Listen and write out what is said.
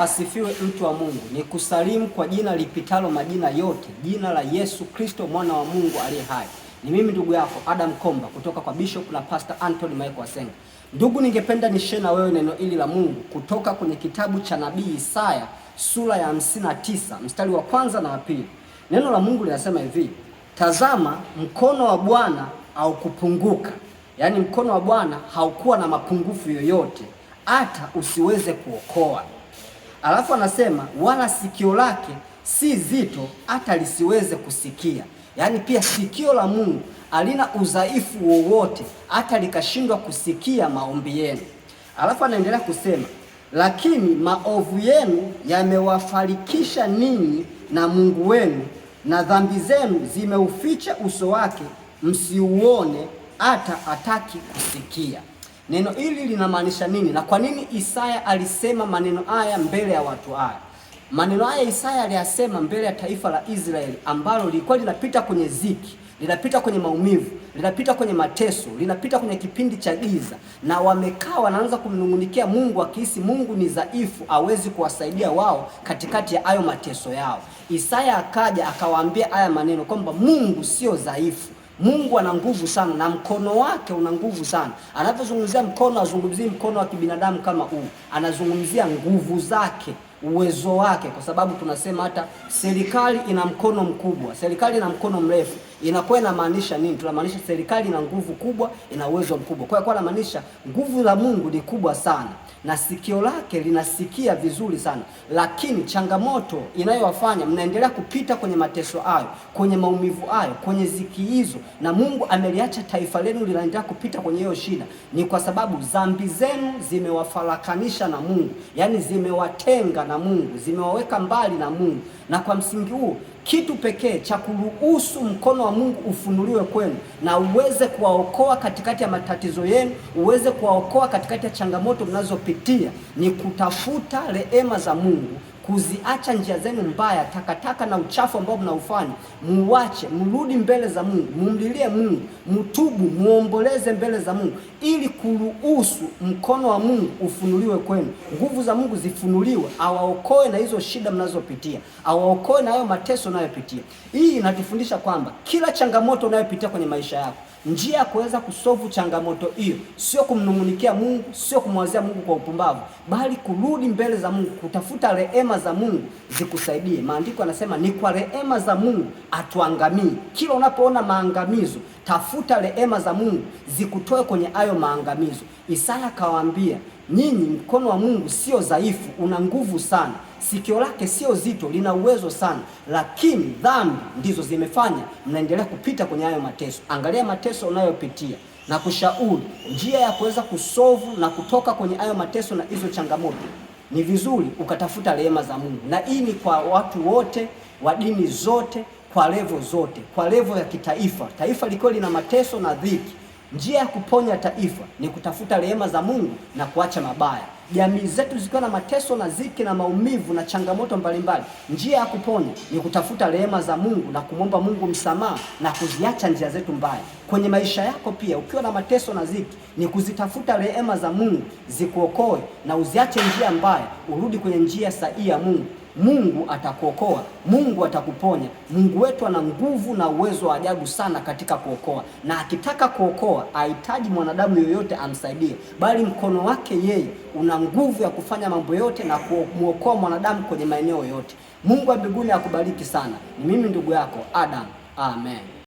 asifiwe mtu wa Mungu. Ni kusalimu kwa jina lipitalo majina yote, jina la Yesu Kristo mwana wa Mungu aliye hai. Ni mimi ndugu yako Adam Komba kutoka kwa Bishop na Pastor Anthony Michael Wasenga. Ndugu, ningependa nishare na wewe neno hili la Mungu kutoka kwenye kitabu cha nabii Isaya sura ya 59 mstari wa kwanza na wa pili. Neno la Mungu linasema hivi: tazama, mkono wa Bwana haukupunguka, yaani mkono wa Bwana haukuwa na mapungufu yoyote, hata usiweze kuokoa Alafu anasema wala sikio lake si zito hata lisiweze kusikia. Yaani pia sikio la Mungu alina udhaifu wowote hata likashindwa kusikia maombi yenu. Alafu anaendelea kusema lakini maovu yenu yamewafarikisha ninyi na Mungu wenu, na dhambi zenu zimeuficha uso wake msiuone, hata ataki kusikia. Neno hili linamaanisha nini na kwa nini Isaya alisema maneno haya mbele ya watu haya? Maneno haya Isaya aliyasema mbele ya taifa la Israeli ambalo lilikuwa linapita kwenye ziki, linapita kwenye maumivu, linapita kwenye mateso, linapita kwenye kipindi cha giza, na wamekaa wanaanza kumnungunikia Mungu akihisi Mungu ni dhaifu, hawezi kuwasaidia wao katikati ya hayo mateso yao. Isaya akaja akawaambia haya maneno kwamba Mungu sio dhaifu Mungu ana nguvu sana na mkono wake una nguvu sana. Anapozungumzia mkono, azungumzii mkono wa kibinadamu kama huu, anazungumzia nguvu zake, uwezo wake, kwa sababu tunasema hata serikali ina mkono mkubwa, serikali ina mkono mrefu inakuwa inamaanisha nini? Tunamaanisha serikali ina nguvu kubwa, ina uwezo mkubwa. Kwa hiyo inamaanisha nguvu la Mungu ni kubwa sana na sikio lake linasikia vizuri sana, lakini changamoto inayowafanya mnaendelea kupita kwenye mateso hayo, kwenye maumivu hayo, kwenye ziki hizo, na Mungu ameliacha taifa lenu linaendelea kupita kwenye hiyo shida, ni kwa sababu dhambi zenu zimewafarakanisha na Mungu, yaani zimewatenga na Mungu, zimewaweka mbali na Mungu, na kwa msingi huo kitu pekee cha kuruhusu mkono wa Mungu ufunuliwe kwenu na uweze kuwaokoa katikati ya matatizo yenu, uweze kuwaokoa katikati ya changamoto mnazopitia ni kutafuta rehema za Mungu, kuziacha njia zenu mbaya, takataka na uchafu ambao mnaufanya, muwache, mrudi mbele za Mungu, mumlilie Mungu, mtubu, muomboleze mbele za Mungu, ili kuruhusu mkono wa Mungu ufunuliwe kwenu, nguvu za Mungu zifunuliwe, awaokoe na hizo shida mnazopitia, awaokoe na hayo mateso unayopitia. Hii inatufundisha kwamba kila changamoto unayopitia kwenye maisha yako njia ya kuweza kusovu changamoto hiyo sio kumnung'unikia Mungu, sio kumwazia Mungu kwa upumbavu, bali kurudi mbele za Mungu, kutafuta rehema rehema za Mungu zikusaidie. Maandiko yanasema ni kwa rehema za Mungu atuangamii. Kila unapoona maangamizo, tafuta rehema za Mungu zikutoe kwenye hayo maangamizo. Isaya kawaambia nyinyi, mkono wa Mungu sio dhaifu, una nguvu sana, sikio lake sio zito, lina uwezo sana, lakini dhambi ndizo zimefanya mnaendelea kupita kwenye hayo mateso. Angalia mateso unayopitia na kushauri njia ya kuweza kusovu na kutoka kwenye hayo mateso na hizo changamoto ni vizuri ukatafuta rehema za Mungu, na hii ni kwa watu wote wa dini zote, kwa levo zote, kwa levo ya kitaifa, taifa likiwa lina mateso na dhiki Njia ya kuponya taifa ni kutafuta rehema za Mungu na kuacha mabaya. Jamii zetu zikiwa na mateso na ziki na maumivu na changamoto mbalimbali, njia ya kuponya ni kutafuta rehema za Mungu na kumwomba Mungu msamaha na kuziacha njia zetu mbaya. Kwenye maisha yako pia, ukiwa na mateso na ziki, ni kuzitafuta rehema za Mungu zikuokoe na uziache njia mbaya, urudi kwenye njia sahihi ya Mungu. Mungu atakuokoa, Mungu atakuponya. Mungu wetu ana nguvu na uwezo wa ajabu sana katika kuokoa, na akitaka kuokoa ahitaji mwanadamu yoyote amsaidie, bali mkono wake yeye una nguvu ya kufanya mambo yote na kumwokoa mwanadamu kwenye maeneo yote. Mungu wa mbinguni akubariki sana. Ni mimi ndugu yako Adam. Amen.